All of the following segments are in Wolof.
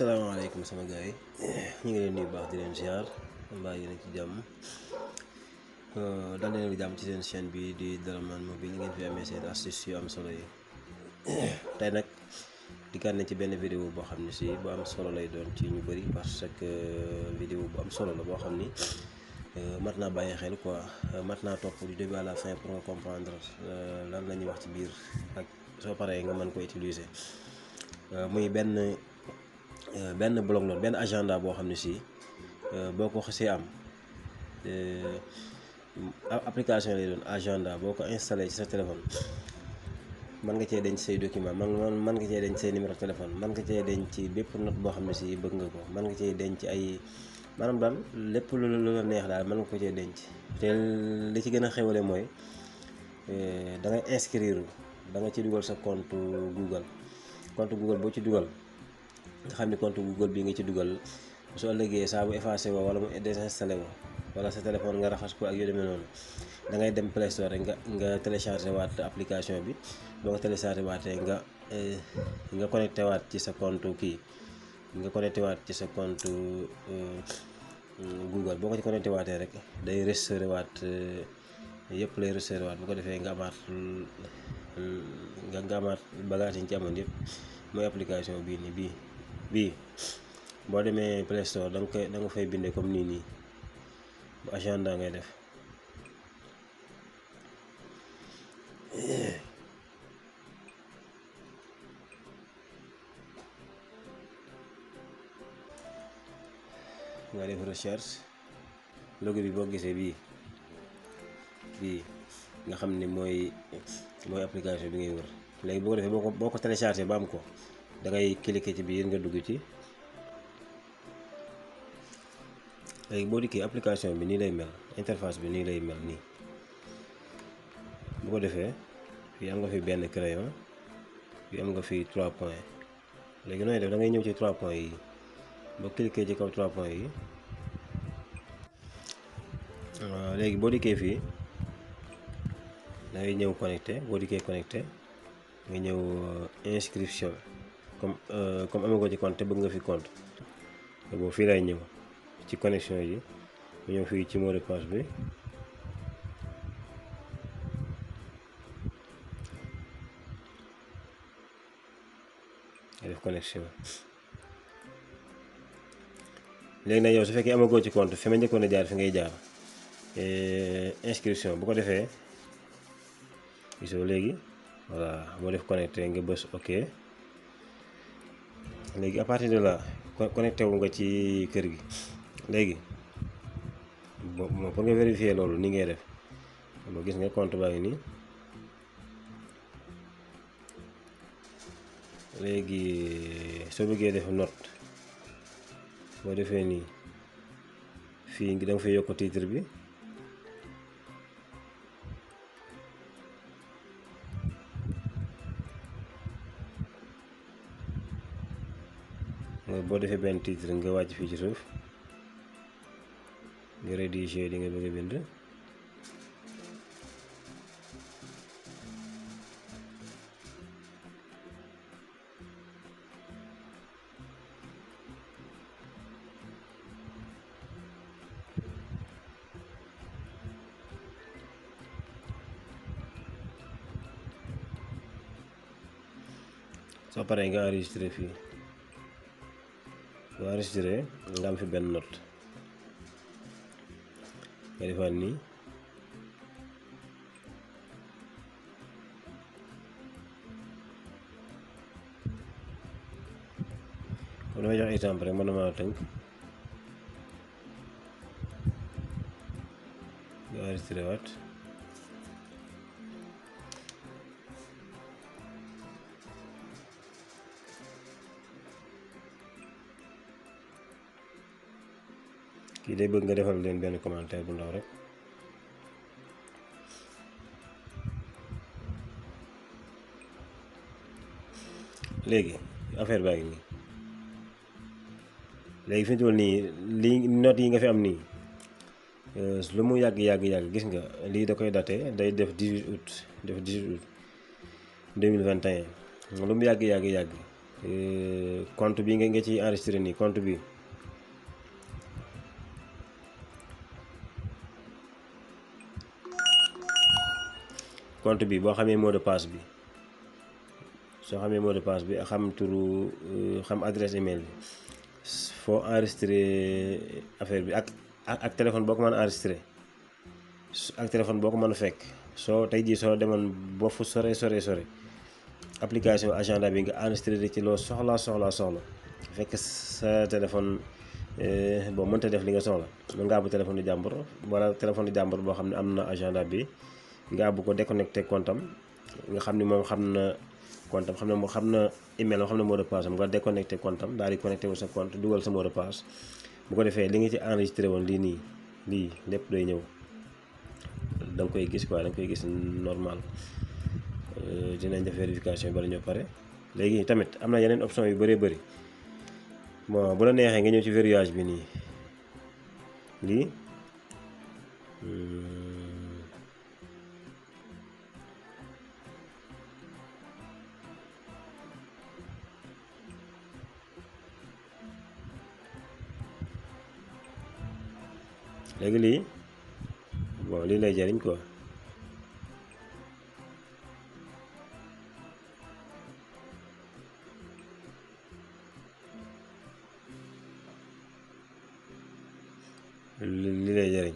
salaamaaleykum sama gars yi ñu ngi leen nuyu baax di leen ziar mbaa yéen ci jàmm dal leen jàmm ci seen chaîne bi di Darman Mobile ngeen fi amee seen astuce yu am solo yi tey nag dikkaat na ci benn vidéo boo xam ne si bu am solo lay doon ci ñu bëri parce que euh, vidéo bu am solo la boo xam ni euh, mat naa bàyyi xel quoi euh, mat naa topp du début la fin pour nga comprendre lan la ñuy wax ci biir ak soo paree nga mën ko utiliser muy benn. Euh, benn bloc note benn agenda boo xam ne si euh, boo ko xasee am euh, application lay doon agenda boo ko installé ci sa téléphone mën nga cee denc say document man mën nga cee denc say numéro téléphone mën nga cee denc bépp note boo xam ne si bëgg nga ko mën nga cee denc ay maanaam daal lépp lu la neex daal mën nga ko cee denc te li ci gën a xewale mooy da ngay danga ci dugal sa compte Google compte Google boo ci dugal nga xam ni compte Google bi nga ci dugal su ëllëgee saa bu effacé woo wala mu désinstallé woo wala sa téléphone nga raxas ko ak yu demee noonu da ngay dem Play nga nga téléchargé waat application bi boo ko téléchargé waatee nga eh, nga connecté waat ci sa compte kii nga connecté waat ci sa compte eh, mm, Google boo ko ci connecté waatee rek day restauré waat eh, yëpp lay restauré waat bu ko defee nga amaat mm, nga amaat bagage ci amoon yëpp mooy application bii nii bii. bii boo demee Play Store da nga koy da koy bindee comme nii nii bu agent agenda ngay def nga def recherche logo bi boo gisee bii bii nga xam ni mooy mooy application bi ngay wër léegi boo ko defee boo ko boo ko téléchargé ba am ko da ngay cliquer ci biir nga dugg ci léegi boo dikkee application bi nii lay mel interface bi nii lay mel nii bu ko defee fii am nga fi benn crayon fii am nga fi trois points léegi nooy def da ngay ñëw ci trois points yi boo cliquer ci kaw trois points yi léegi boo dikkee fii da ñëw connecté boo dikkee connecté nga ñëw euh, inscription comme euh, comme amee ci compte te bëgg nga fi compte boobu fii lay ñëw ci connexion yi mu ñëw fii ci mot de passe bi def connexion léegi nag yow su fekkee amagoo ci compte fi ma njëkkoon jaar fi ngay jaar eh, inscription bu ko defee gisoo léegi voilà moo def connecté nga bës ok léegi à partir de là connecté wu nga ci kër gi léegi bon pour nga vérifier loolu ni ngay def boo gis nga compte baa nii léegi soo bëggee def note boo defee nii fii da nga fay yokk titre bi boo defee benn titre nga wàcc fii ci suuf nga rédigé li nga bëgg a bind soo paree nga enregistré fii soo enregistré nga am fi benn note nga defaat nii kon damay jox exemple rek man damaa waat day bëgg nga defal leen benn commentaire bu ndaw rek léegi affaire baa ngi nii léegi fi ñu nii lii note yi nga fi am nii euh, lu mu yàgg yàgg yàgg gis nga lii da koy date day def 18 août def 18 août 2021 lu mu yàgg yàgg yàgg euh, compte bi nga nga ci enregistré nii compte bi compte bi boo xamee mot de passe bi soo xamee mot de passe bi xam turu euh, xam adresse email bi foo affaire bi ak ak téléphone boo ko man a enregistré téléphone boo ko mën a fekk soo tey jii soo demoon ba fu sore sore sore application agenda bi nga bi ci loo soxlaa soxlaa soxla fekk sa téléphone euh, boo mënta def li nga soxla mën ngaa bu téléphone wala téléphone di jàmbur boo xam ne am na agenda bi nga bu ko déconnecté compte am nga xam ni moom xam na compte am xam na moo xam na email xam na mot de passe am nga déconnecté compte am daal di connecté wu de passe bu ko defee li nga ci enregistré woon lii nii lii lépp day ñëw da koy gis quoi da koy gis normal euh, dinañ def vérification yi bala ñoo léegi tamit am na yeneen option yu bëree bëri bon bu la neexee nga ñëw ci verrouillage bi nii lii hmm. léegi lii bon lii lay jariñ quoi lii lay jariñ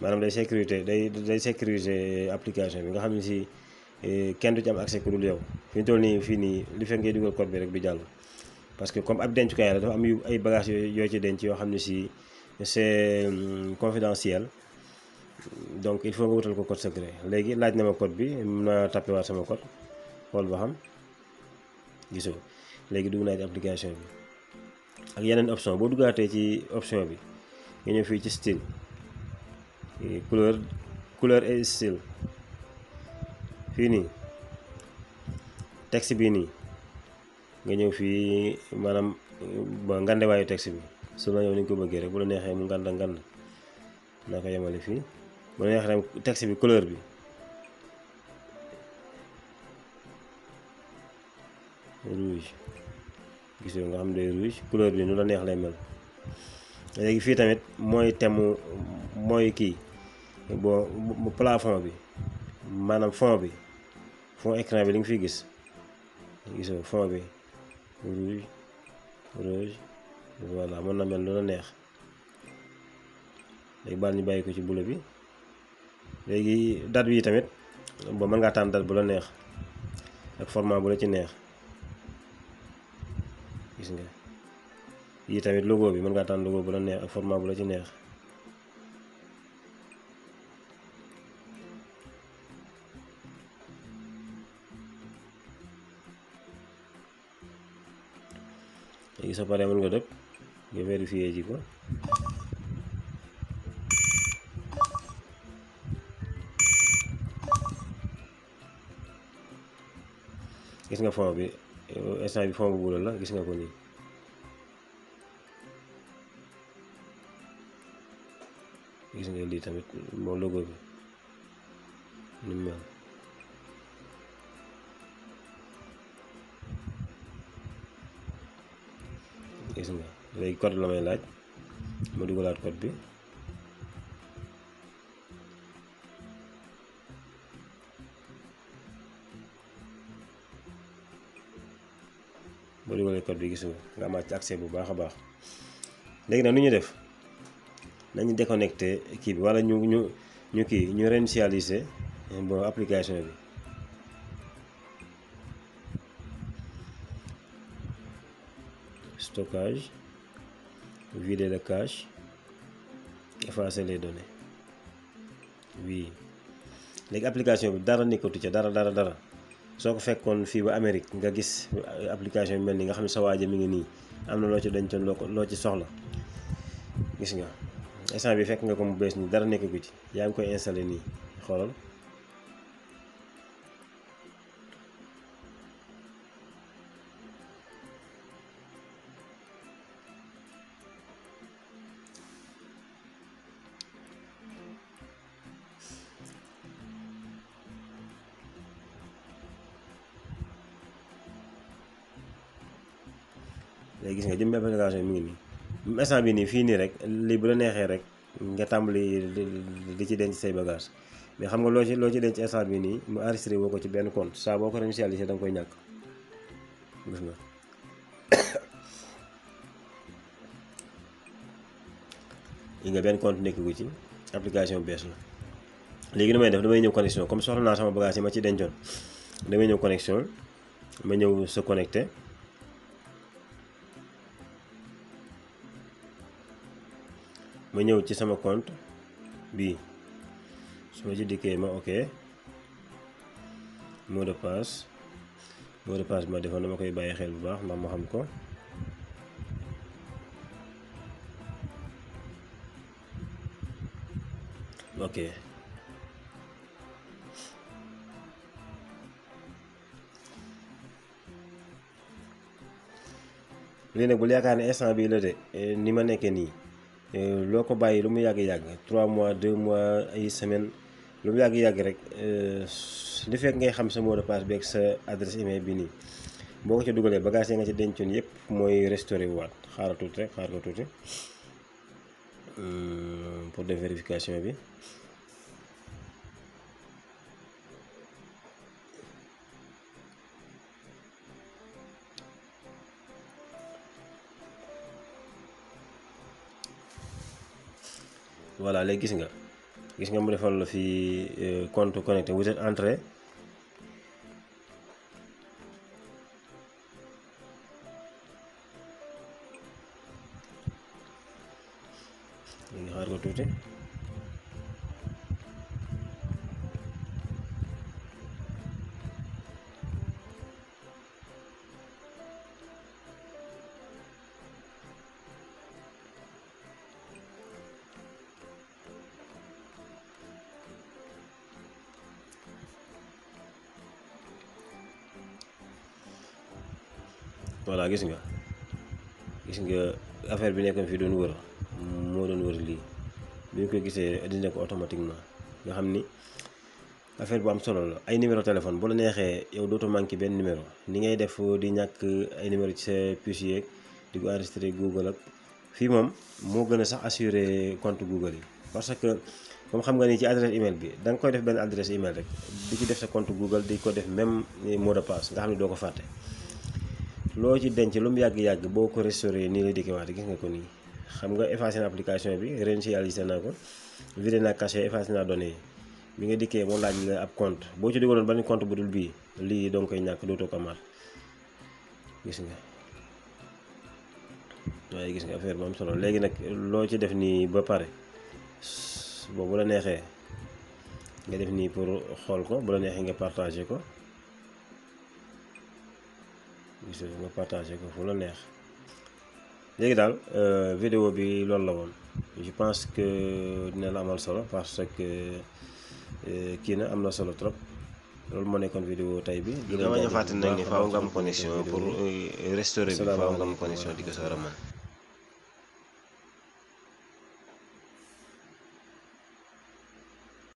maanaam day sécurité day day sécuriser application bi nga xam ne si eh, kenn du ci am accès ku dul yow fii nii li fekk ngay dugal code bi rek du jàll parce que comme ab dencukaay la dafa am yu ay bagages yoo ci denc yoo xam ne si c'est confidentiel donc il faut nga wutal ko code secret léegi laaj na ma code bi mun naa tappewaat sama code xool ba xam gisoo léegi dugg naa ci application bi ak yeneen option boo duggaatee ci option bi nga ñëw fii ci style couleur couleur et style fii nii texte bi nii nga ñëw fii maanaam ba ngandewaayu texte bi selon yow ni nga ko bëggee rek bu la neexee mu nganda ngand naa ko yemale fii bu la neexee tam texte bi couleur bi nga xam ne day rouge bi nu la neex lay mel léegi fii tamit mooy temu mooy kii bon plafond bi maanam fond bi fond écran bi li nga fiy gis gisoo fond bi rouge voilà mën na mel lu la neex léegi baal ñu bàyyi ci bula bi léegi date bi tamit ba mën ngaa tànn date bu la neex ak format bu la ci neex gis nga yii tamit logo bi mën ngaa tànn logo bu la neex ak format bu la ci neex léegi sa paree mën nga dëpp ñu vérifier ji ko gis nga fond bi instant bi fond bu bulo la gis nga ko nii gis nga lii tamit moo logo bi ni mel gis nga léegi code la may laaj ma dugalaat code bi boo dugalee code bi gis nga amaat ci bu baax a baax léegi na nu ñu def nañu déconnecté kii bi wala ñu ñu ñu kii ñu réinitialiser eh, bo application bi vider la cache effacer les données oui léegi application bi dara nekkatu ca dara dara dara soo ko fekkoon fii ba Amérique nga gis application bi mel ni nga xam ne sa waaja mi ngi nii am na loo ci dencoon loo ko loo ci soxla gis nga instant bi fekk nga ko mu bees nii dara nekkagu ci yaa ngi koy installé nii xoolal léegi gis nga jëm application mi ngi nii instant bi nii fii nii rek lii bu la neexee rek nga tàmbali di ci denc say bagage mais xam nga loo ci loo ci denc instant bi nii mu enregistré woo ko ci benn compte saa boo nga koy ñàkk nga yi nga benn compte nekk gu ci application bees la léegi damay def damay ñëw connexion comme soxla naa sama bagage yi ma ci dencoon damay ñëw connexion ma ñëw sa connecté ma ñëw ci sama compte bi su ma ci dikkee ma ok mot de passe mot de passe ma defoon dama koy bàyyi xel bu baax ndax ma xam ko ok lii nag bul yaakaar ne instant bii la de eh, ni ma nekkee nii Euh, loo ko bàyyi lu mu yàgg-yàgg trois mois 2 mois ay semaine lu mu yàgg-yàgg rek euh, li fekk ngay xam sa mot de passe bi ak sa adresse email bi nii boo ko ci dugalee bagage yi nga ci dencoon yëpp mooy restauré waat xaaral tuuti rek xaaral tuuti euh, pour de vérification bi voilà léegi gis nga gis nga mu defal la fii euh, compte connecté vous êtes entré voilà gis nga gis nga affaire bi nekkoon fii doon wër moo doon wër lii bi ñu ko gisee dina ko automatiquement nga xam ni affaire bu am solo la ay numéro téléphone bu la neexee yow dootu manqué benn numéro ni ngay def di ñàkk ay numéro ci sa puce yeeg di ko enregistré Google ak fii moom moo gën a sax assuré compte Google yi parce que comme xam nga ni ci adresse email bi da nga koy def benn adresse email rek di ci def sa compte Google di ko def même mot de passe ne doo ko fàtte. loo ci denc lu mu yàgg-yàgg boo ko restauré nii la dikkewaat gis nga ko nii xam nga effacé na application bi réinitialisé naa ko vidé naa cachet effacé naa données yi bi nga dikkee moo laaj la ab compte boo ci dugaloon benn compte bu dul bii lii doo koy ñàkk dootoo ko amaat gis nga waaye gis nga affaire am solo léegi nag loo ci def nii ba pare boobu la neexee nga def nii pour xool ko bu la neexee nga partagé ko gis nga ko fu neex léegi daal euh, vidéo bi loolu la woon je pense que dina la amal solo parce que euh, kii na am na solo trop loolu moo nekkoon vidéo tey bi. dama ñu fàttali nag ni faaw nga am connexion pour euh, restaurer bi faaw nga am connexion di ko soor a